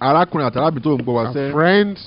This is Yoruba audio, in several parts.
arákùnrin àtàlábì tó ń gbọ́ wá sẹ́. friends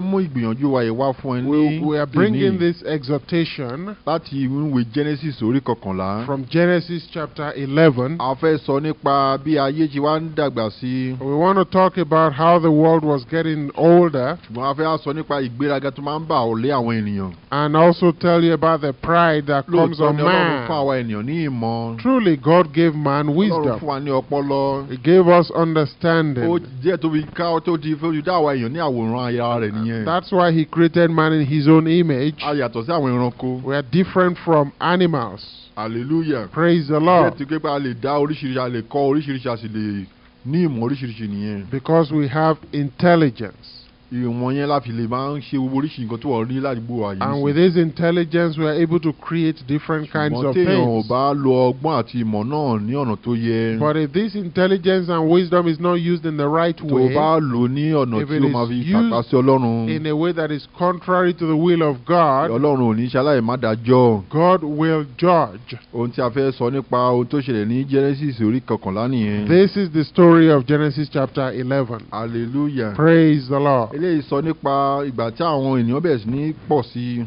mú ìgbìyànjú wa wá fún ẹ ní. we are bringing this exhortation. láti ìwé Genesis orí kọkànlá. from Genesis chapter eleven. a fẹ́ sọ nípa bí ayé ti wá ń dàgbà sí. we want to talk about how the world was getting older. ṣùgbọ́n a fẹ́ sọ nípa ìgbéraga tó máa ń bà ọ̀lẹ àwọn ènìyàn. and also tell you about the pride that comes on man. lóòótọ́ ni Ọlọ́run fún àwa ènìyàn ní ìmọ̀. truly God gave man wisdom. Ọlọ́run fún wa ní ọpọlọ. he gave us understanding. ó jẹ́ tóbi ká tó di dá àwa ní àwòrán ara uh, that's why he created man in his own image. a yàtọ̀ sí àwọn we are different from animals. hallelujah. praise the lord. ti pé a lè dá oríṣiríṣi a lè kọ́ oríṣiríṣi a sì lè ní ìmọ̀ oríṣiríṣi nìyẹn. because we have intelligence and with this intelligence we are able to create different kinds of things. but if this intelligence and wisdom is not used in the right way. tó bá lò in a way that is contrary to the will of God. God will judge. this is the story of Genesis chapter eleven. hallelujah. praise the Lord eléyìí sọ nípa ìgbà tí àwọn ènìyàn bẹ̀rẹ̀ sí ní pọ̀ sí i.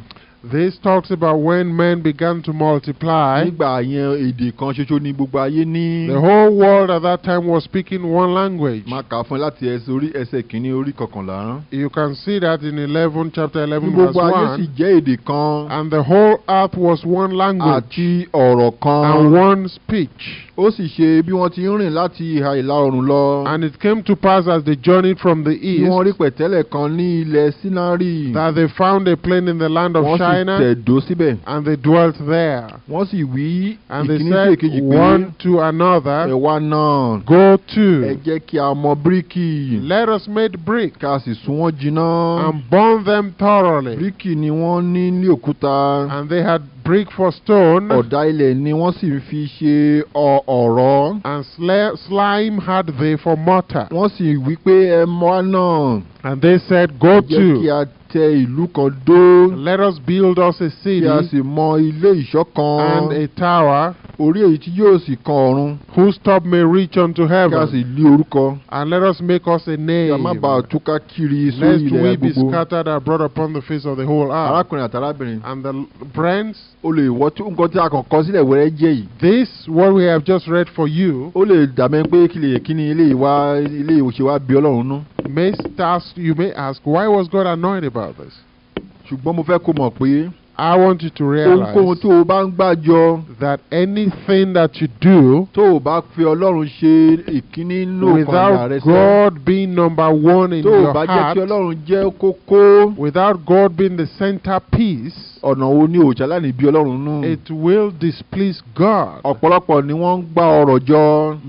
This talks about when men began to multiply. Nígbà yẹn èdè kan ṣoṣo ni gbogbo ayé ní. The whole world at that time was speaking one language. Máa kà fún láti ẹsẹ̀ orí ẹsẹ̀ kìíní orí kọkànlá. You can see that in eleven chapter eleven verse one. Gbogbo ayé sì jẹ́ èdè kan. And the whole earth was one language. Àti ọ̀rọ̀ kan. And one speech ó sì ṣe bí wọ́n ti ń rìn láti ìhà ìlà oòrùn lọ. and it came to pass as they journeyed from the east. wọ́n rí pẹ̀tẹ́lẹ̀ kan ní ilẹ̀ Sinari. that they found a plain in the land of China. wọ́n sì tẹ̀dó síbẹ̀. and they dwelt there. wọ́n sì wí ìkíní sí èkejì pé. one to another. ẹ wá náà. go to. ẹ jẹ́ kí a mọ bíríkì. let us make brick. ká sì sun wọ́n jiná. and burn them thoroughly. bíríkì ni wọ́n ní ní òkúta. and they had brick for stone. ọ̀dà ilẹ̀ ni wọ́n sì fishy fi ṣe ọ̀rọ̀. and slime had they for mortar. wọ́n sì wí pé ẹ mọ́ náà. and they said go to tẹ ìlú kan dó. let us build us a city. kí a sì mọ ilé ìṣọ́ kan. and a tower. orí èyí tí yóò sì kan ọ̀run. whose top may reach unto heaven. kí a sì lé orúkọ. and let us make us a name. kí a má bàa túká kiri sórí ilẹ̀ gbogbo. lest we be scattered abroad upon the face of the whole earth. arákùnrin àtàlábìnrin. and the friends. o lè wọ́n tí nǹkan tí a kàn kọ sílẹ̀ wẹ́rẹ́ jẹ́ yìí. this what we have just read for you. ó lè dàmẹ́ pé kí ni ilé ìwà ilé ìwòsàn wa bí ọlọ́run nú may ask, you may ask, why was God annoyed about this? I want you to realize. that anything that you do. tó without God being number one in your heart. without God being the centerpiece ọ̀nà òòjà ọlọ́run nú. it will displease God. ọ̀pọ̀lọpọ̀ ni wọ́n ń gba ọrọ̀ jọ.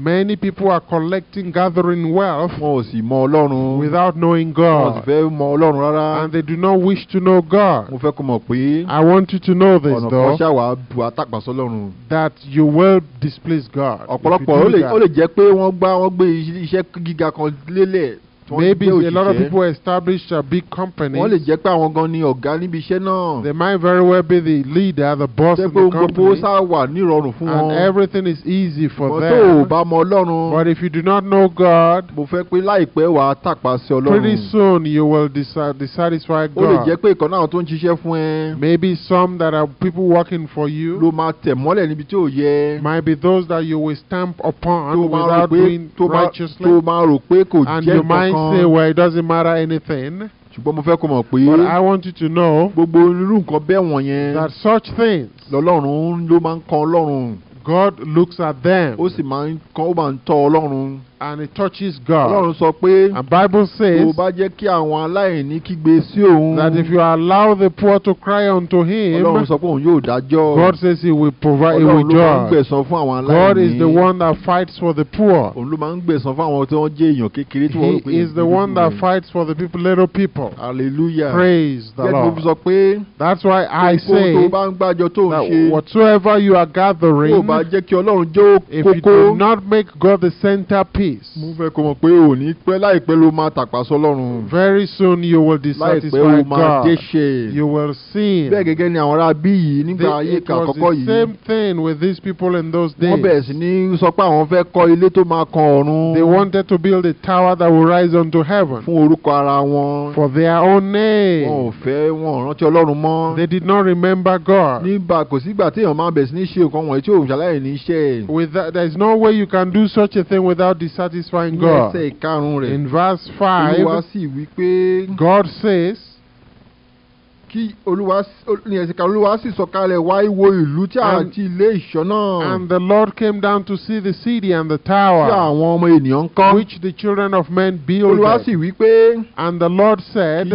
many people are collecting gathering wealth. wọn ò sì mọ ọlọ́run. without knowing God. wọn ò fẹ́ mọ ọlọ́run rárá. and they do not wish to know God. mo fẹ́ kó mọ̀ pé. I want you to know this though. ọ̀nà kan ṣàwà bu àtàgbàsọ lọ́run. that you will displease God. ọ̀pọ̀lọpọ̀ ó lè jẹ́ pé wọ́n gbá wọ́n gbé iṣẹ́ gíga kan lélẹ̀ maybe a lot of people establish a big company. wọ́n lè jẹ́ pé àwọn gan ni ọ̀gá níbi iṣẹ́ náà. they might very well be the leader the boss of the company. gbogbo sá wà nírọ̀rùn fún wọn. and everything is easy for them. ò bá mọ ọlọ́run. but if you do not know God. mo fẹ́ pé láìpẹ́ wà á tàpá sí ọlọ́run. pretty soon you will dissatisfy God. ó lè jẹ́ pé ìkan náà tó ń ṣiṣẹ́ fún ẹ. maybe some that are people working for you. ló máa tẹ̀ mọ́lẹ̀ níbi tí ò yẹ. might be those that you will stamp upon without doing righteously. tó máa rò pé kò jẹ́ say well it doesn't matter anything. ṣùgbọ́n mo fẹ́ kó mọ̀ pé. but I want you to know. gbogbo irú nǹkan bẹ́ẹ̀ wọ̀nyẹn. that such things. lọ́lọ́run ló máa ń kan ọlọ́run. God looks at them. ó sì máa ń kan ó máa ń tọ́ ọlọ́run. and it touches God. Ọlọ́run sọ pé. And Bible says. Tó o bá jẹ́ kí àwọn aláìní kígbe sí òun. That if you allow the poor to cry unto him. Ọlọ́run sọ pé òun yóò dájọ́. God says he will provide Ọlọ́run he Ọlọ́run ló máa ń gbẹ̀san fún àwọn aláìní. God is the one that fights for the poor. Òun ló máa ń gbẹ̀san fún àwọn tí wọ́n jẹ́ èèyàn kékeré tí wọ́n rò pé. He is the one that fights for the people little people. Hallelujah. Praise the Lord. mo sọ pé. That's why I say. Kókó bá ń gbàjọ tó ṣe. That whatsoever you are gathering. Tó o bá jẹ́ kí If you do not make God the centerpiece peace. mo fẹ́ kó mọ̀ pé pẹ́ láìpẹ́ ló máa tàpá sọ́lọ́run. very soon you will satisfied, God. láìpẹ́ o máa déṣe. you will sin. bẹ́ẹ̀ gẹ́gẹ́ ni àwọn ará bí yìí nígbà ayé kà kọ́kọ́ yìí. it was the same thing with these people in those days. wọ́n bẹ̀rẹ̀ sí ní sọ pé àwọn fẹ́ kọ́ ilé tó máa kan ọ̀run. they wanted to build a tower that will rise unto heaven. fún orúkọ ara wọn. for their own name. wọn ò fẹ́ wọn ò rántí ọlọ́run mọ́. they did not remember God. nígbà kò sígbà máa bẹ̀rẹ̀ sí ní ṣe nǹkan wọ̀nyí tí ní with that there is no way you can do such a thing without deception satisfying God. In verse 5, God says, olúwa sì sọ̀kalẹ̀ wá ìwo ìlú tí and the lord came down to see the city and the tower. tí àwọn ọmọ ènìyàn kọ́. which the children of men build. olúwa sì wí pé. and the lord said.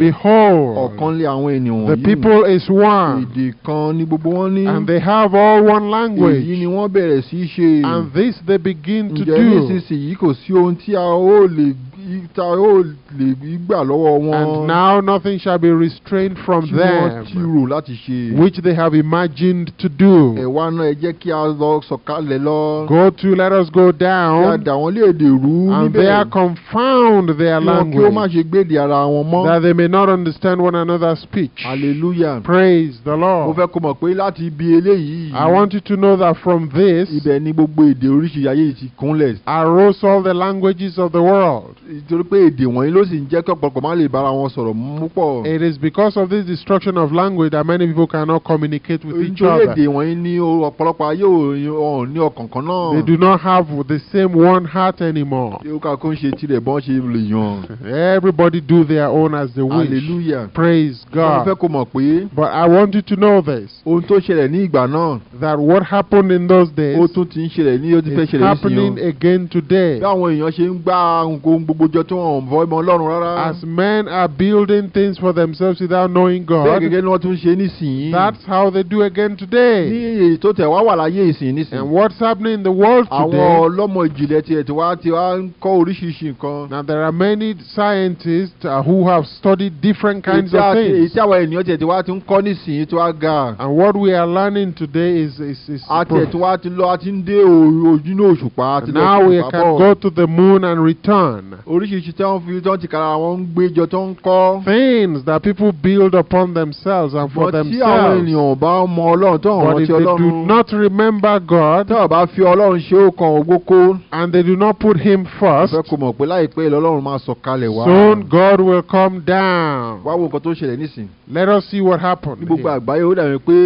behold ọ̀kan lé àwọn ènìyàn wọ̀nyí. the people is one. èdè kan ni gbogbo wọn ní. and they have all one language. èyí ni wọ́n bẹ̀rẹ̀ sí í ṣe. and this they begin to do. ǹjẹ́ nísinsìnyí kò sí ohun tí a ó lè gbé ta ó lè gbà lọ́wọ́ wọn. and now nothing shall be restrained from them. tí wọ́n ti rò láti ṣe. which they have imagined to do. náà ẹ jẹ́ kí a lọ sọ̀kalẹ̀ lọ. go to let us go down. kí a dà wọ́n lè dè rú níbẹ̀. and there confound their language. kí wọ́n kí ó má ṣe gbéde ara wọn mọ́. that they may not understand one another's speech. hallelujah. praise the Lord. mo fẹ́ kó mọ̀ pé láti ibi eléyìí. I want you to know that from this. ibẹ̀ ni gbogbo èdè oríṣiríṣi ayé ti kúnlẹ̀. arose all the languages of the world pé èdè wọ̀nyí ló sì ń jẹ́ kí ọ̀pọ̀lọpọ̀ má lè bára wọn sọ̀rọ̀ it is because of this destruction of language that many people cannot communicate with each other. nítorí èdè wọ̀nyí ní ọ̀pọ̀lọpọ̀ ayé ní ọkàn kan náà. they do not have the same one heart anymore. kó ń ṣe tirẹ̀ bọ́n ṣe lè yàn. everybody do their own as they wish. hallelujah praise God. fẹ́ kó mọ̀ pé. but I want you to know this. ohun tó ṣẹlẹ̀ ní ìgbà náà. that what happened in those days. ó tún ti ń ṣẹlẹ̀ ní ó ti fẹ́ is happening again today tí wọn ò ìmọ̀ ọlọ́run rárá. as men are building things for themselves without knowing God. bẹ́ẹ̀ gẹ́gẹ́ ni wọ́n tún ṣe nísìnyí. that's how they do again today. ní tẹ̀ wá wà láyé ìsìn nísìnyí. and what's happening in the world today. àwọn ọlọ́mọ ìjìnlẹ̀ tiẹ̀ tí wàá ti ti ń kọ́ oríṣiríṣi nǹkan. now there are many scientists uh, who have studied different kinds of things. èyí tí àwọn ènìyàn tiẹ̀ tí wàá ti ń ti nísìnyí tí ti ga. and what we are learning today is is is. ti ti lo ń dé ojú ní òṣùpá. now we can go to the moon and return oríṣiríṣi tí wọ́n fi tó fi ti ń gbéjọ tó ń kọ́. things that people build upon themselves and for themselves. but tí àwọn ènìyàn bá mọ ọlọ́run tó àwọn ti awon eniyan ba mo olorun to ti olorun but if they do not remember God. tí wọ́n bá fi ọlọ́run ṣe and they do not put him first. ìfẹ́ kò mọ̀ pé láìpẹ́ máa sọ kalẹ̀ wá. soon God will come down. wá wo nǹkan tó ṣẹlẹ̀ nísìn. let us see what happened. ní gbogbo àgbáyé ó dàbí pé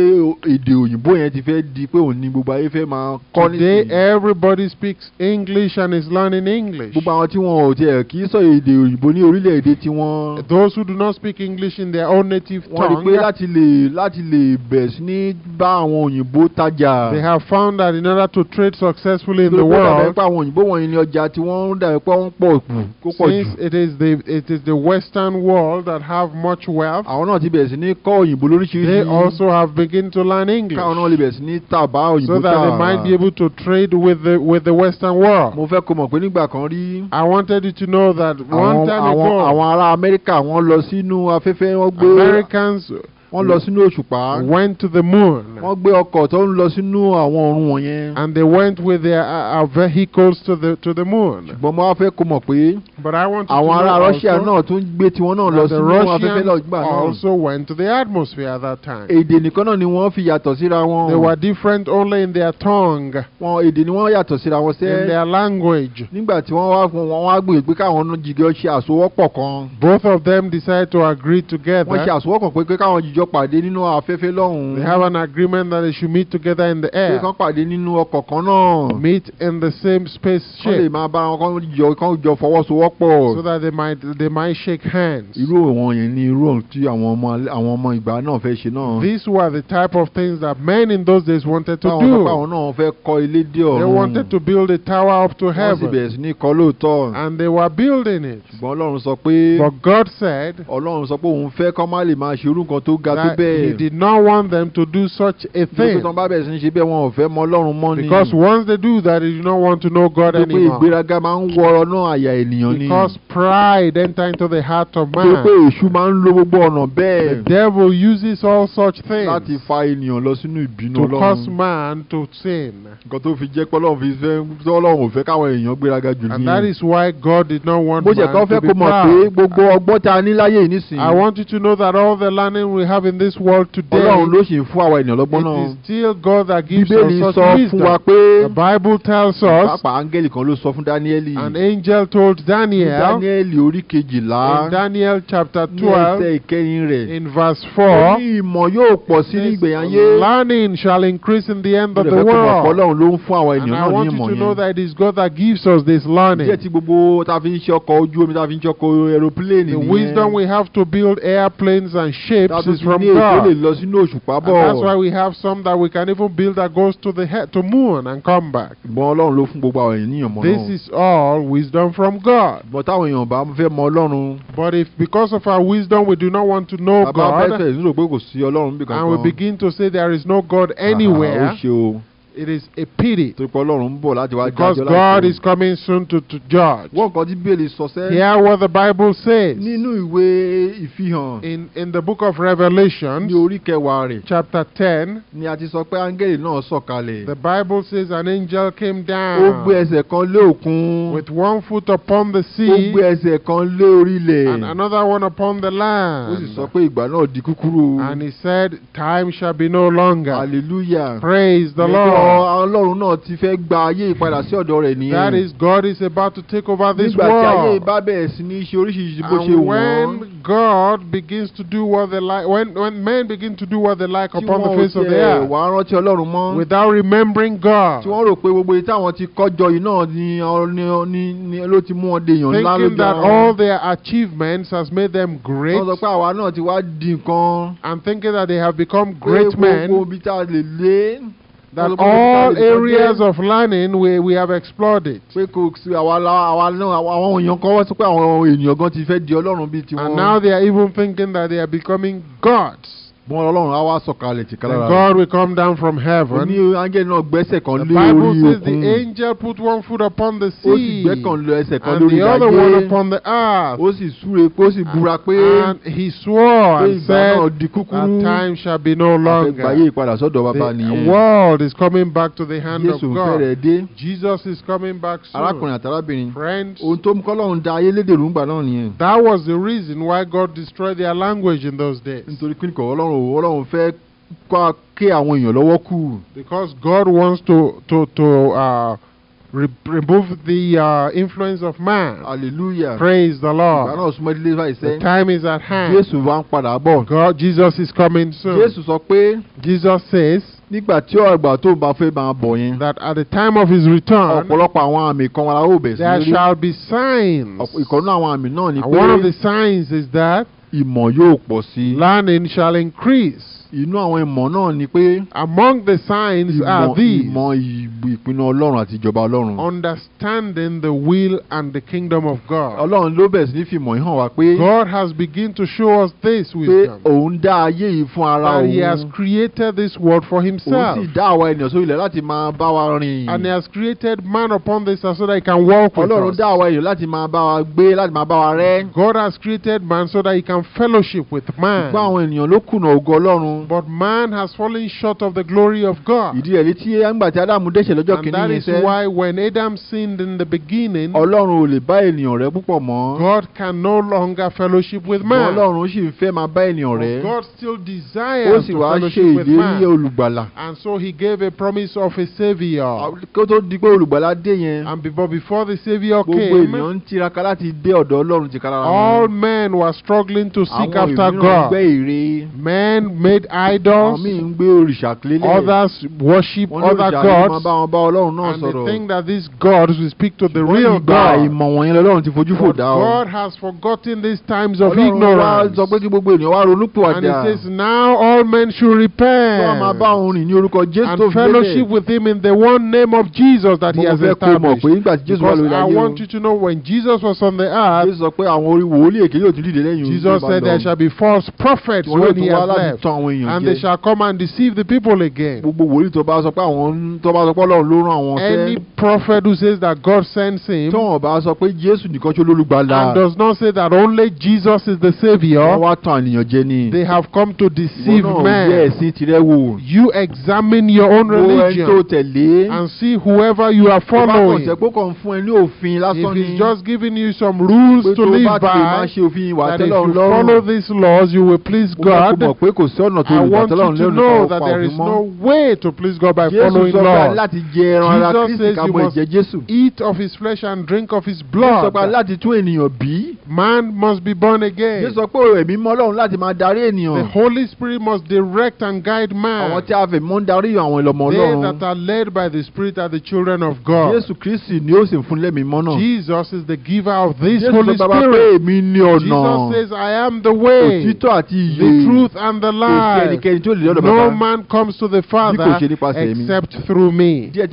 èdè òyìnbó yẹn ti fẹ́ di pé òun ni gbogbo ayé fẹ́ máa kọ́ nísìn. today everybody speaks English and is learning English. gbogbo àwọn tí wọn ò tiẹ̀ ki kì í sọ èdè òyìnbó ní orílẹ̀-èdè those who do not speak English in their own native tongue. wọ́n rí pé láti lè láti lè bẹ̀ sí bá àwọn òyìnbó tajà. they have found that in order to trade successfully in the world. àwọn òyìnbó wọ̀nyí ni ọjà ń wọ́n pọ̀ jù since it is the it is the western world that have much wealth. àwọn náà ti bẹ̀rẹ̀ sí ní kọ́ òyìnbó lóríṣiríṣi. they also have begin to learn English. káwọn náà lè bẹ̀rẹ̀ sí ní tàbá òyìnbó tà. so that they might be able to trade with the with the western world. I wanted to to know that one time ago. àwọn ará Amẹ́ríkà wọ́n lọ sínú afẹ́fẹ́ wọ́n gbé. Americans wọ́n lọ sínú òṣùpá. went to the moon. wọ́n gbé ọkọ̀ tó ń lọ sínú àwọn ọ̀run wọ̀nyẹn. and they went with their uh, uh vehicles to the to the moon. ṣùgbọ́n mo kó mọ̀ pé. but I want to know also. àwọn ará Russia náà tún gbé tiwọn náà lọ sínú afẹ́fẹ́ gbà náà. the also went to the atmosphere at that time. èdè nìkan náà ni wọ́n fi yàtọ̀ síra wọn. they were different only in their tongue. wọn èdè ni wọ́n yàtọ̀ síra wọn sẹ́. in their language. nígbà tí wọ́n wá wọn wá pé káwọn ṣe àsowọ́pọ̀ kan. both of them decided to agree together. wọ́n ṣe jọ pàdé nínú afẹ́fẹ́ lọ́hùn. they have an agreement that they should meet together in the air. pé kán pàdé nínú ọkọ̀ kan náà. meet in the same space. lè máa bá wọn jọ kán jọ fọwọ́sowọ́pọ̀. so that they might they might shake hands. irú àwọn yẹn ni irú tí àwọn ọmọ àwọn ọmọ ìgbà náà fẹ́ ṣe náà. these were the type of things that men in those days wanted to do. àwọn náà fẹ́ kọ́ ilé dé ọ̀run. they wanted to build a tower up to heaven. wọ́n sì bẹ̀rẹ̀ sí ní kọ́ lóòótọ́. and they were building it. but God said he did not want them to do such a thing. Because once they do that, they do not want to know God anymore. Because pride enters into the heart of man. The devil uses all such things to cause man to sin. And that is why God did not want man to be proud. I want you to know that all the learning we have have in this world today. Ọlọ́run ló fún àwa ènìyàn lọ́gbọ́n náà. It is still God that gives us such wisdom. Bíbélì sọ fún wa pé. The Bible tells us. áńgẹ́lì kan ló sọ fún Dáníẹ́lì. An angel told Daniel. Dáníẹ́lì orí kejìlá. In Daniel chapter twelve. Ní ẹsẹ̀ ìkẹyìn rẹ̀. In verse four. ìmọ̀ yóò pọ̀ sí ní Learning shall increase in the end of the world. Ọlọ́run ló ń fún àwa ènìyàn náà ní ìmọ̀ yẹn. And I want you to know that it is God that gives us this learning. Díẹ̀ tí gbogbo ta fi ń ṣe ọkọ̀ ojú omi ta fi ń ṣe ọkọ̀ aeroplane nìyẹn. The wisdom we have to build airplanes and ships is from God. that's why we have some that we can even build that goes to the head, to moon and come back. This is all wisdom from God. But if because of our wisdom we do not want to know God, and we begin to say there is no God anywhere. It is a pity. Because God is coming soon to to judge. What God tí Bíbélì is Hear what the Bible says. In in the book of Revelation. Chapter ten. The Bible says an angel came down. Ó gbé ẹsẹ̀ kan lé òkun. With one foot upon the sea. Ó gbé ẹsẹ̀ kan lé orílẹ̀. And another one upon the land. Ó sì sọ pé ìgbà náà di kúkúrú. And he said time shall be no longer. Hallelujah. Praise the Lord ọlọ́run náà ti fẹ́ gba ayé ìpadà sí ọ̀dọ̀ rẹ̀ nìyẹn. that is God is about to take over this world. nígbà tí ayé bá bẹ̀rẹ̀ sí ní ṣe oríṣiríṣi bó ṣe wọ́n. and when God begins to do what they like when when men begin to do what they like upon the face of the earth. tí wọ́n ò tẹ wàá rántí ọlọ́run mọ́. without remembering God. tí wọ́n rò pé gbogbo èyí táwọn ti kọ́jọ yìí náà ni ni ló ti mú wọn dèèyàn ńlá lójú àwọn. thinking that all their achievements has made them great. wọ́n sọ pé àwa náà ti wá di nǹkan. and thinking that they have become great men. gbogbo ibi tá a lè lé that all areas of learning we we have explored it. pé kò sí àwa àwa náà àwọn èèyàn kan wọ́n sọ pé àwọn èèyàn gan ti fẹ́ di ọlọ́run bíi tiwọn. and now they are even thinking that they are becoming gods bọ́n God will come down from heaven. the bible says the angel put one foot upon the sea. and the other one upon the earth. ó and he swore and said that time shall be no longer. the world is coming back to the hand of God. Jesus is coming back soon. friends. that was the reason why God destroyed their language in those days ọlọ́run fẹ́ kọ́ kí àwọn èèyàn lọ́wọ́ kù. because God wants to to to uh, re remove the uh, influence of man. hallelujah praise the Lord. ìgbà náà súnmọ́ ilé ìfà ìṣe. the time is at hand. Yes, wá ń padà bọ̀. God Jesus is coming soon. Jesus, sọ pé. Jesus says. nígbà tí tó bá fẹ́ máa bọ̀ yẹn. that at the time of his return. ọ̀pọ̀lọpọ̀ àwọn àmì kan bẹ̀ sí. there shall be signs. ìkọ̀nú àwọn àmì náà ni pé. one of the signs is that ìmọ̀ yóò pọ̀ sí. learning shall increase inú àwọn ìmọ̀ náà ni pé. among the signs are these. ìmọ̀ ìpinnu ọlọ́run àti ìjọba ọlọ́run. understanding the will and the kingdom of God. ọlọ́run ló bẹ̀rẹ̀ sí ní wá pé. God has begun to show us this wisdom. pé òun dá ayé yìí fún ara òun. and he has created this world for himself. òun sì dá àwa ènìyàn sórí ilẹ̀ láti máa bá wa rìn. and he has created man upon this earth so that he can walk with us. ọlọ́run dá àwa ènìyàn láti máa bá wa gbé láti máa bá wa rẹ́. God has created man so that he can fellowship with man. ìgbà àwọn ènìyàn ló kùnà ọlọ́run. But man has fallen short of the glory of God. Ìdí àgbà tí Ádámù dẹ́ṣẹ̀ lọ́jọ́ kìíní yẹn sẹ́. And that is why when Adam sinned in the beginning. Ọlọ́run ò lè bá ènìyàn rẹ̀ púpọ̀ mọ́. God can no longer fellowship with man. Ọlọ́run sì ń fẹ́ máa bá ènìyàn rẹ̀. God still desires to fellowship with man. Ó sì wá ṣe ìlérí olùgbàlà. And so he gave a promise of a saviour. Kó tó di pé olùgbàlà dé yẹn. And before the saviour came. Gbogbo ènìyàn ń tiraka láti dé ọ̀dọ̀ Ọlọ́run wọn. All men were struggling to seek after God. Men made idols. others worship other gods. and they think that these gods will speak to the real God. God has forgotten these times of ignorance. and he says now all men should repent. and fellowship with him in the one name of Jesus that he has established. because I want you to know when Jesus was on the earth. Jesus said there shall be false prophets when he has left èèyàn jẹ. and they shall come and deceive the people again. gbogbo wòlíì tó bá sọ pé àwọn tó bá sọ pé ọlọ́run ló rán àwọn sẹ́. any prophet who says that God sends him. tó wọn bá sọ pé Jésù nìkan ṣe olólùgbàlà. and does not say that only Jesus is the saviour. wọ́n wá tàn ènìyàn jẹ ni. they have come to deceive men. wọ́n náà yẹ ẹ̀sìn tirẹ̀ wò. you examine your own religion. tó tẹ̀lé. and see whoever you are following. fún ẹ ní òfin lásán ni. if he's just giving you some rules to live by. pé tó bá ti máa ṣe òfin ìwà tẹ́lẹ̀ that if you follow these laws you will please God. kó mọ̀ pé kò sí ọ̀nà tó olùgbàtà lọ́run lé olùkọ́ ọ̀pọ̀ ọ̀dún mọ́. Jésù sọ pé láti jẹ ẹran ara Kristi ká mọ ìjẹ Jésù. eat of his flesh and drink of his blood. man must be born again. the holy spirit must direct and guide man. they that are led by the spirit are the children of God. Jesus is the giver of this holy spirit. Jesus says I am the way. the truth and the life no man comes to the father except through me. that's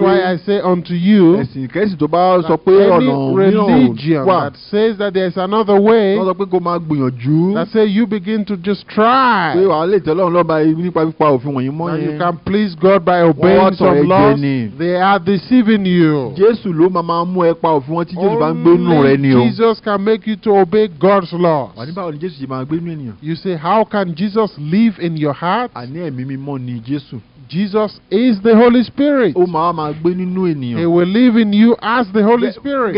why I say unto you. ẹ̀sìn kẹ́sì that says that there is another way. that say you begin to just try. and you can please God by obeying some laws. they are deceiving you. only Jesus can make you to obey God's laws. you say how can Jesus. Jesus live in your heart? I ẹ̀mí mímọ́ ni Jésù. Jesus is the Holy Spirit. Ó I máa gbé nínú ènìyàn. He will live in you as the Holy Spirit.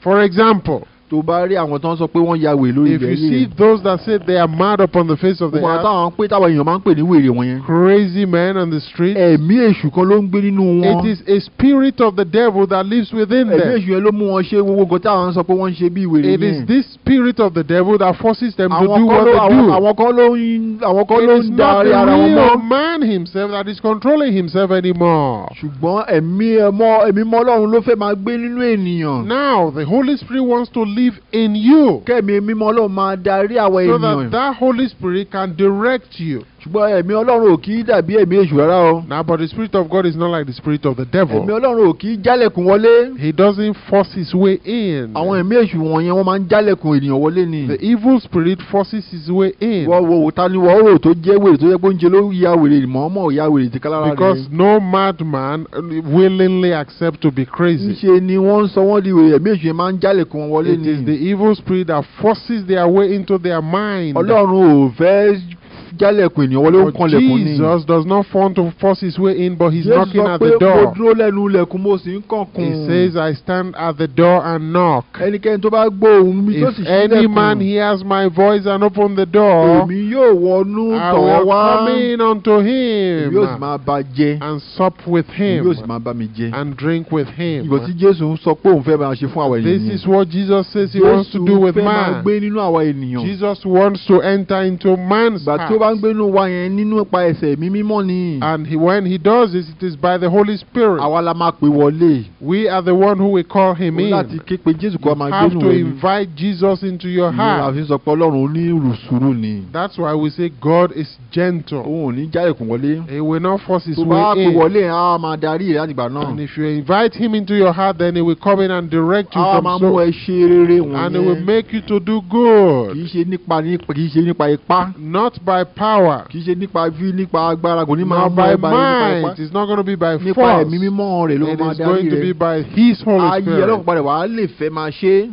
For example tó bá rí àwọn tó ń sọ pé wọ́n ya wèrè lórí yìí. if you see those that say they are mad upon the face of the earth. wọn pé táwọn èèyàn máa ń pè ní wèrè wọn yẹn. crazy men on the street. ẹ̀mí èṣù kan ló ń gbé nínú wọn. it is a spirit of the devil that lives within them. ẹ̀mí èṣù yẹn ló mú wọn ṣe gbogbo nǹkan táwọn sọ pé wọ́n ń ṣe bí wèrè yẹn. it is this spirit of the devil that forces them to do what they do. àwọn kan ló ń àwọn kan ló ń darí ara wọn it is not the real man himself that is controlling himself anymore. ṣùgbọ́n ẹ̀mí ẹ̀mí now the Holy Spirit wants to lead live in you. Kẹ́mi mímọ́ Ọlọ́run máa darí àwọn ènìyàn. So that that Holy Spirit can direct you ṣùgbọ́n ẹ̀mí ọlọ́run ò kì dàbí ẹ̀mí èṣù rárá o. now but the spirit of God is not like the spirit of the devil. ẹ̀mí ọlọ́run ò kì jálẹ̀kùn wọlé. he doesn't force his way in. àwọn ẹ̀mí èṣù wọ̀nyẹn wọ́n máa ń jálẹ̀kùn ènìyàn wọlé ni. the evil spirit forces his way in. wọ́n wo ta ni wọ́n rò tó jẹ́ wèrè tó jẹ́ pé ya wèrè mọ́ọ́mọ́ ya wèrè ti kálára rẹ̀. because no madman willingly accept to be crazy. níṣe ni wọ́n sọ wọ́n di wèrè ẹ̀mí it is the evil spirit that forces their way into their mind jálẹ̀kùn ènìyàn wọlé kan lẹ̀kùn ní. Jesus does not want to force his way in but he is knocking at the door. Jésù sọ pé mo dúró lẹ́nu ilẹ̀kùn mo sì ń He says I stand at the door and knock. Ẹnikẹ́ni tó bá gbọ́ ohùn mi tó sì ṣílẹ̀kùn. If any man hears my voice and open the door. Èmi yóò wọnú tọ̀ wá. I will come in unto him. Èmi yóò sì máa bá jẹ. And sup with him. Èmi yóò sì máa bá mi jẹ. And drink with him. tí Jésù sọ pé òun fẹ́ máa ṣe fún àwọn ènìyàn. This is what Jesus says he wants to do with man. Jésù fẹ́ máa gbé nínú àwọn ènìyàn. Jesus wants to enter into man's heart bá ń gbénu wa yẹn nínú ẹsẹ̀ mi mímọ́ ni. and he, when he does this it is by the Holy Spirit. àwa la máa pè wọlé. we are the one who will call him in. láti ké pe Jésù máa gbénu you have to invite Jesus into your heart. àfi sọ pé Ọlọ́run ni. that's why we say God is gentle. òun ò ní wọlé. he will not force his way in. tó bá pè wọlé yẹn a máa darí rẹ̀ náà. and if you invite him into your heart then he will come in and direct you from so. a máa mú ẹ ṣe rere and he will make you to do good. kì í ṣe nípa kì í ṣe nípa ipá. not by power. kì í ṣe nípa nípa agbára kò ní máa ẹ nípa ẹ. it is not going to be by force. nípa ẹ̀mí mímọ́ rẹ̀ ló máa darí rẹ̀. it is going to be by his holy spirit. ayé padà wàá lè fẹ́ máa ṣe.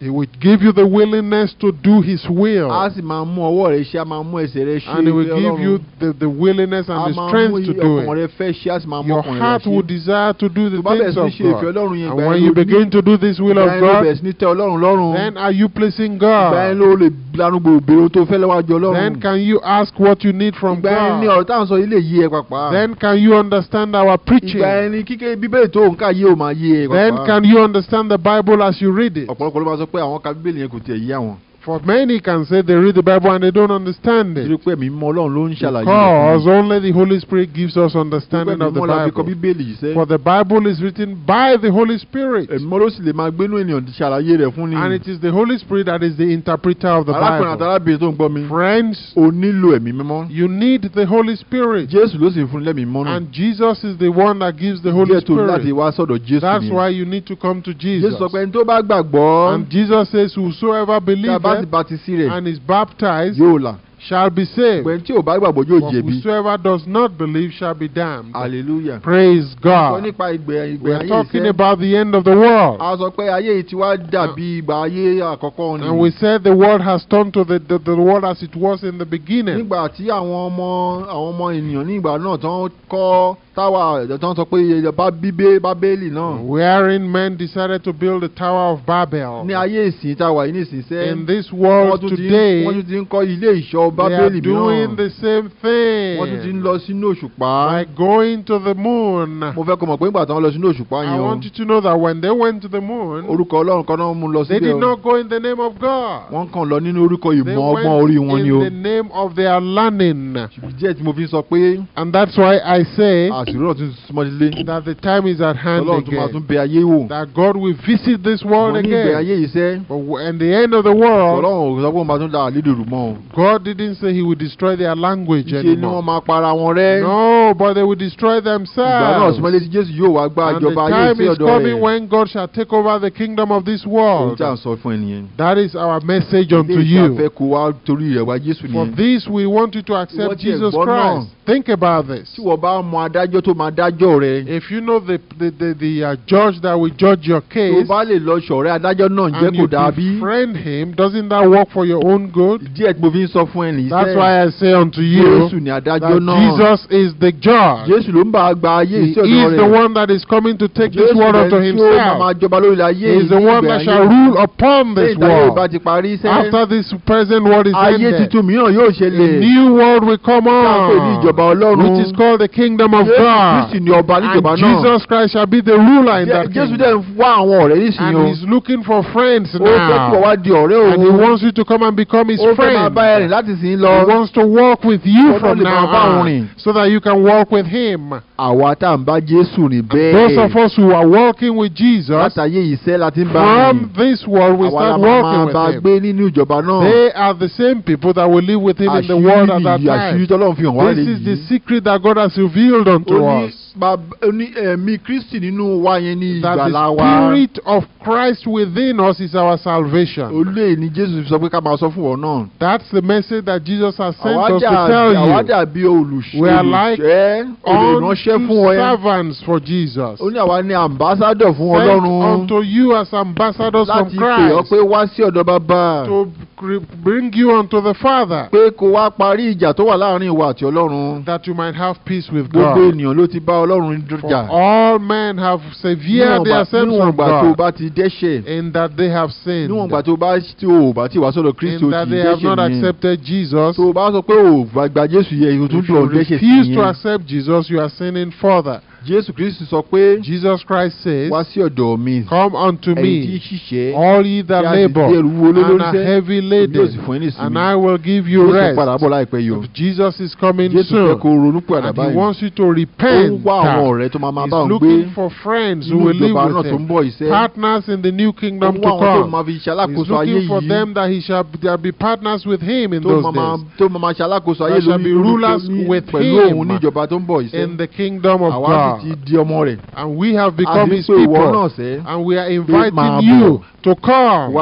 He will give you the willingness to do His will. And He will give you the, the willingness and the strength to do it. Your heart will desire to do the things of God. And when you begin to do this will of God, then are you placing God? lanu tó fẹ́ then can you ask what you need from God. ìgbà ẹni sọ ilé ẹ pàpà. then can you understand our preaching. ìgbà ẹni kíkẹ́ bíbélì tó yé o máa yé ẹ pàpà. then can you understand the Bible as you read it. ọ̀pọ̀lọpọ̀ ló máa sọ pé àwọn ka bíbélì yẹn kò tiẹ̀ yé àwọn. For many can say they read the Bible and they don't understand it. Because only the Holy Spirit gives us understanding of the Bible. For the Bible is written by the Holy Spirit. And it is the Holy Spirit that is the interpreter of the Bible. Friends, you need the Holy Spirit. And Jesus is the one that gives the Holy Spirit. That's why you need to come to Jesus. And Jesus says, Whosoever believes bá bá ti sí rẹ̀. and is baptized. yóò là. shall be saved. tí o bá gbàgbọ́ yóò jẹ̀bi. but whosoever does not believe shall be damned. hallelujah. praise God. sọ nípa ìgbẹ́ ìgbẹ́ ayé iṣẹ́. we are talking about the end of the world. a sọ pé ayé yìí ti wá dàbí ìgbà ayé àkọ́kọ́ ni. and we said the world has turned to the the, the world as it was in the beginning. nígbà tí àwọn ọmọ àwọn ọmọ ènìyàn náà tán kọ́ tower tán sọ pé eh, bíbé bábélì náà. men decided to build the tower of Babel. ní ayé ìsìn yìí ní ìsìn sẹ́. in this world today wọ́n tún ti ń kọ́ ilé ìṣọ́ bábélì mìíràn. they are doing the same thing. wọ́n tún ti ń lọ sínú òṣùpá. by going to the moon. mo fẹ́ kó mọ̀ pé nígbà tí wọ́n lọ sínú òṣùpá yẹn o. I want you to know that when they went to the moon. orúkọ Ọlọ́run kan náà mú lọ síbẹ̀ o. they did not go in the name of God. wọ́n kàn lọ nínú orúkọ ìmọ̀ ọgbọ́n orí wọn ni o. they went in the name of their learning. ṣùgbọ́n díẹ̀ tí mo fi sọ pé. and that's why I say that the time is at hand again. that God will visit this world again. but and the end of the world. God didn't say he would destroy their language anymore. no but they will destroy themselves. ìgbà náà súnmọ́ and the time is coming when God shall take over the kingdom of this world. that is our message unto you. for this we want you to accept Jesus Christ. think about this adájọ́ tó máa dájọ́ rẹ. if you know the the the, the uh, judge that will judge your case. tó bá lè lọ ṣọ̀rẹ́ adájọ́ náà jẹ́ kó dàbí. and you befriend him doesn't that work for your own good. díẹ̀ tí fi ń sọ fún ẹ that's why I say unto you. that Jesus is the judge. Jésù ló ń bá gba ayé iṣẹ́ ọ̀dọ́ rẹ̀. he is the one that is coming to take this world unto himself. he is the one that shall rule upon this world. after this present world is ended. ayé tuntun mìíràn yóò ṣẹlẹ̀. a new world will come on. káàpẹ̀ ní ìjọba Ọlọ́run. which is called the kingdom of God and Jesus Christ shall be the ruler in that Just kingdom. Jésù dẹ̀ wá and he's looking for friends now. and he wants you to come and become his friend. That is in máa he wants to walk with you from now on so that you can walk with him. àwa those of us who are walking with Jesus. from this world we start walking with him. they are the same people that will live with him in the world at that time. this is the secret that God has revealed unto to us. Eh, that the spirit of Christ within us is our salvation. that's the message that Jesus has sent us to tell you. we are like unto servants for Jesus. ó ní àwa unto you as ambassadors from Christ. to bring you unto the Father. that you might have peace with God ènìyàn ló ti bá ọlọ́run jà. for all men have severed their sins from God. níwọ̀n ìgbà tó bá ti dẹ́ṣẹ̀. in that they have sinned. níwọ̀n ìgbà tó bá tí o bá ti wá wa ti dẹ́ṣẹ̀ in that they have not accepted Jesus. tó o bá sọ pé o gba Jésù yẹ ìtúntò ọ̀dẹ́ṣẹ̀ sí yẹn. if you refuse to accept Jesus you are sinning further. Jésù Kristi sọ pé. Jesus Christ says. Wá sí ọ̀dọ̀ mi. Come unto me. Ẹ̀yin tí ṣiṣẹ́. All ye that labour. Bí a And are heavy laden. And I will give you rest. Yóò padà bọ̀ láìpẹ́ yìí o. If Jesus is coming soon. Jésù fẹ́ kó ronú padà báyìí. And he wants you to repent. Ó ń wá àwọn ọ̀rẹ́ tó máa máa bá òun gbé. He is looking for friends who will live with him. Partners in the new kingdom to come. He is looking for them that he shall be partners with him in those days. Tó máa máa ṣalákòóso ayé lórí lórí pẹ̀lú òun ní tó ń bọ̀ yìí In the kingdom of God di ọmọ rẹ̀. and we have become his people. and we are inviting you to come.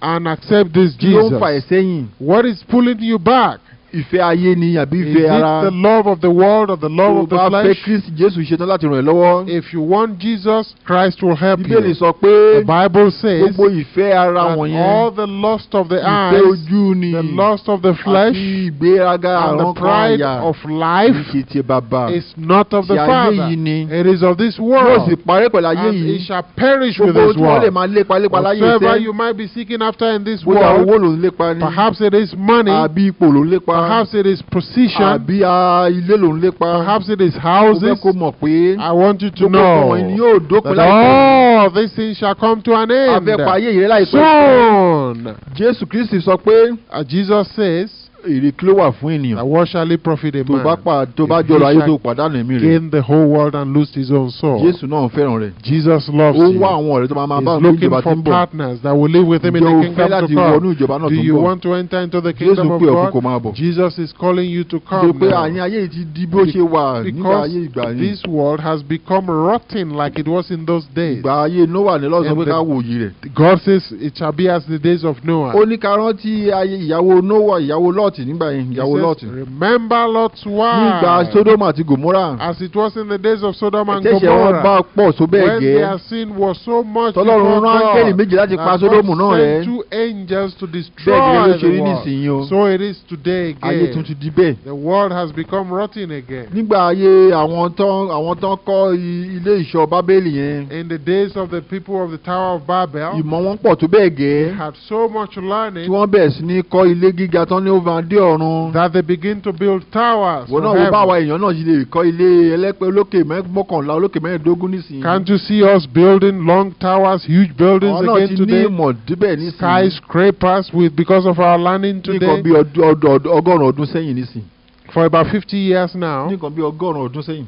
and accept this Jesus. ló ń what is pulling you back? ìfẹ́ ayé ni àbí ìfẹ́ ara. is it the love of the world or the love of the flesh. bá fẹ́ Jésù ṣetán láti ràn ẹ́ lọ́wọ́. if you want Jesus Christ will help you. Bíbélì sọ pé. the Bible says. gbogbo ìfẹ́ ara wọ̀nyẹn. all the lust of the eyes. ìfẹ́ ojú ni. the lust of the flesh. àti ìgbéraga àrùn and the pride of life. bàbà. is not of the Father. ti ayé yìí ni. it is of this world. yóò sì pẹ̀lú ayé yìí. and it shall perish with this world. gbogbo ojú lè máa lépa lépa láyé whatever you might be seeking after in this world. owó ló ń lépa ni. perhaps it is money. àbí ipò ló ń lépa perhaps it is precision. àbí ilé ló ń lépa. perhaps it is houses. kó mọ̀ pé. I want you to know. gbogbo ọmọ yìí yóò dópin láìpẹ́. all these things shall come to an end. abẹ́pọ̀ ayé ìrẹ́lá ìpẹ́. soon. Jésù Kristi sọ pé. Jesus says èrè kí ló wà fún ènìyàn. and what shall profit a man. tó bá pa tó bá jọrọ ayé tó pàdánù ẹ̀mí rẹ̀. gain the whole world and lose his own soul. Jésù náà fẹ́ràn rẹ̀. Jesus loves you. ó wá àwọn ọ̀rẹ́ tó máa máa bá ń bọ̀. he is looking for partners that will live with him in the kingdom to come. ǹjẹ́ o fẹ́ láti wọnú ìjọba náà tó ń bọ̀. do you want to enter into the kingdom of God. Jesus is calling you to come ti di bí ó ṣe wà nígbà ayé ìgbà yẹn. because this world has become rotten like it was in those days. God says it shall be as the days of Noah. Only ní ká will know ìyàwó Noah will Lot nígbà yẹn ìyàwó remember Lot's wife. nígbà àti as it was in the days of Sodom and Gomorrah. ẹ̀ṣẹ̀ wọn bá pọ̀ bẹ́ẹ̀ gẹ́. when their sin was so much. tọ́lọ́run rán áńgẹ́lì méjì láti pa Sodomu náà rẹ́. and God sent two angels to destroy the world. bẹ́ẹ̀ ló ṣe rí nísìnyí o. so it is today again. ayé di bẹ́ẹ̀. the world has become rotten again. nígbà ayé àwọn tán àwọn tán kọ́ ilé ìṣọ́ Bábélì yẹn. in the days of the people of the Tower of Babel. ìmọ̀ wọn pọ̀ tó bẹ́ẹ̀ gẹ́. they had so much learning. tí wọ́n bẹ̀rẹ̀ sí ní kọ́ ilé gíga tán ní over ọ̀run. that they begin to build towers. wọ́n náà wo eeyan èèyàn náà yìí lè kọ́ ilé ẹlẹ́pẹ́ olókè mọ́kànlá olókè mẹ́ẹ̀ẹ́dógún nísìnyí. can't you see us building long towers huge buildings again today. ọ̀nà ti ní ìmọ̀ díbẹ̀ nísìnyí. skyscrapers with because of our learning today. nǹkan bí ọgọ́rùn-ún ọdún sẹ́yìn nísìnyí. for about fifty years now. nǹkan bí ọgọ́rùn-ún ọdún sẹ́yìn.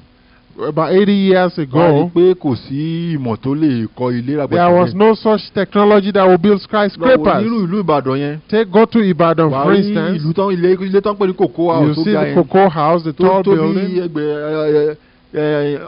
about eighty years ago. wọ́n rí i pé kò sí ìmọ̀ tó lè kọ́ ilé rà. there was no such technology that would build skyscrapers. lọ wo nínú ìlú Ìbàdàn yẹn. take go to Ibadan, for instance. wàá rí ìlú tán ilé tán pẹ̀lú cocoa house tó ga yẹn. you see the cocoa house the tall building. tó tóbi ẹgbẹ̀ẹ́ Eh,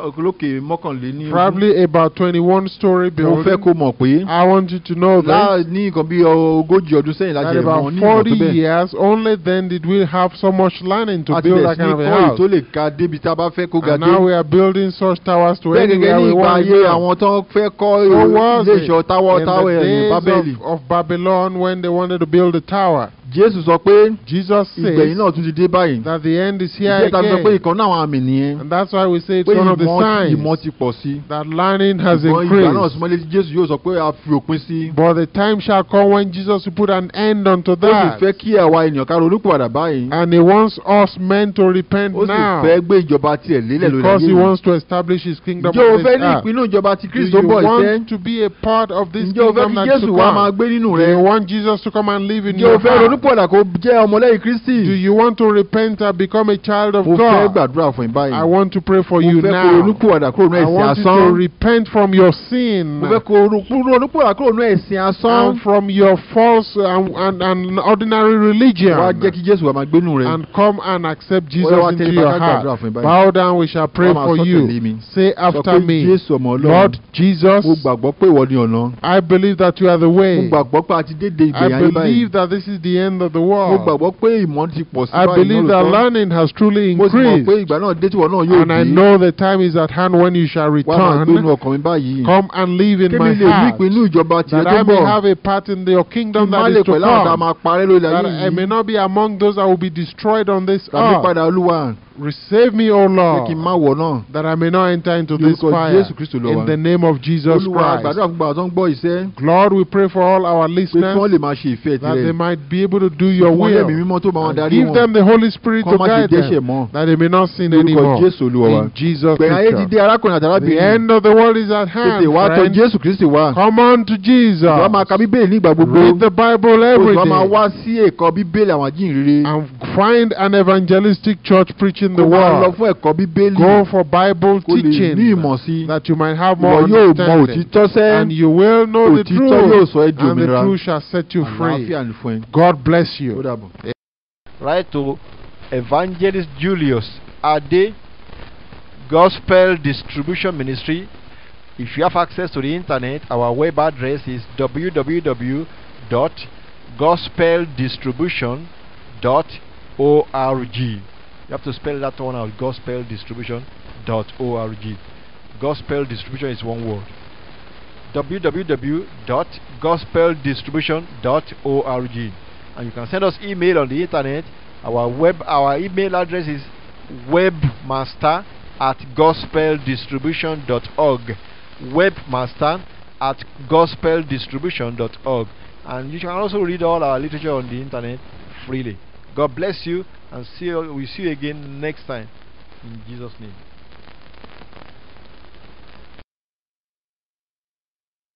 mọ́kànlé ní. probably about twenty-one story building. mo fẹ́ kó mọ̀ pé. I want you to know that. láà ní nǹkan bí ogójì ọdún sẹ́yìn láti ní tó bẹ́ẹ̀. about forty years only then did we have so much learning to build that kind of a house. àti kọ́ ka débi tá a bá fẹ́ kó ga dé. and now we are building such towers to anywhere we want to go. bẹ́ẹ̀ gẹ́gẹ́ ní ìgbà àwọn tó fẹ́ kọ́ Bábélì. in the days of, of Babylon when they wanted to build a tower. Jésù sọ pé ìgbẹ̀yìn náà tún ti dé báyìí. that the end is here again. ìgbẹ́ta sọ pé àwọn àmì nìyẹn. and that's why we say one of the signs. that learning has increased. a but the time shall come when Jesus will put an end unto that. and he wants us men to repent now. because he wants to establish his kingdom on this earth. do you want to be a part of this kingdom that to come? do you want Jesus to come and live in your heart? do you want to repent and become a child of God? I want to pray for you you now. I want you to repent from your sin. And from your false and, and, and ordinary religion. And come and accept Jesus into your heart. Bow down, we shall pray for you. Say after me, Lord Jesus, I believe that you are the way. I believe that this is the end of the world. I believe that learning has truly increased. And I know Lo, the time is at hand when you shall return. Come and live in my heart. That I may have a part in your kingdom that is to come. That I may not be among those that will be destroyed on this earth. Receive me, O Lord, that I may not enter into this fire. In the name of Jesus Christ. Lord, we pray for all our listeners that they might be able to do your will. And give them the Holy Spirit to guide them that they may not sin anymore. In Jesus' Christ, The end of the world is at hand. Friends. Come on to Jesus. Read the Bible every day. And find an evangelistic church preacher in the word. Go for Bible teaching that you might have more understanding. And you will know the truth, and the truth shall set you free. God bless you. Write to Evangelist Julius Ade, Gospel Distribution Ministry. If you have access to the internet, our web address is www.gospeldistribution.org. You have to spell that one out, gospeldistribution.org. Gospel distribution is one word. www.gospeldistribution.org. And you can send us email on the internet. Our web our email address is webmaster at gospeldistribution.org. Webmaster at gospeldistribution.org. And you can also read all our literature on the internet freely. God bless you and see we see you again next time in Jesus name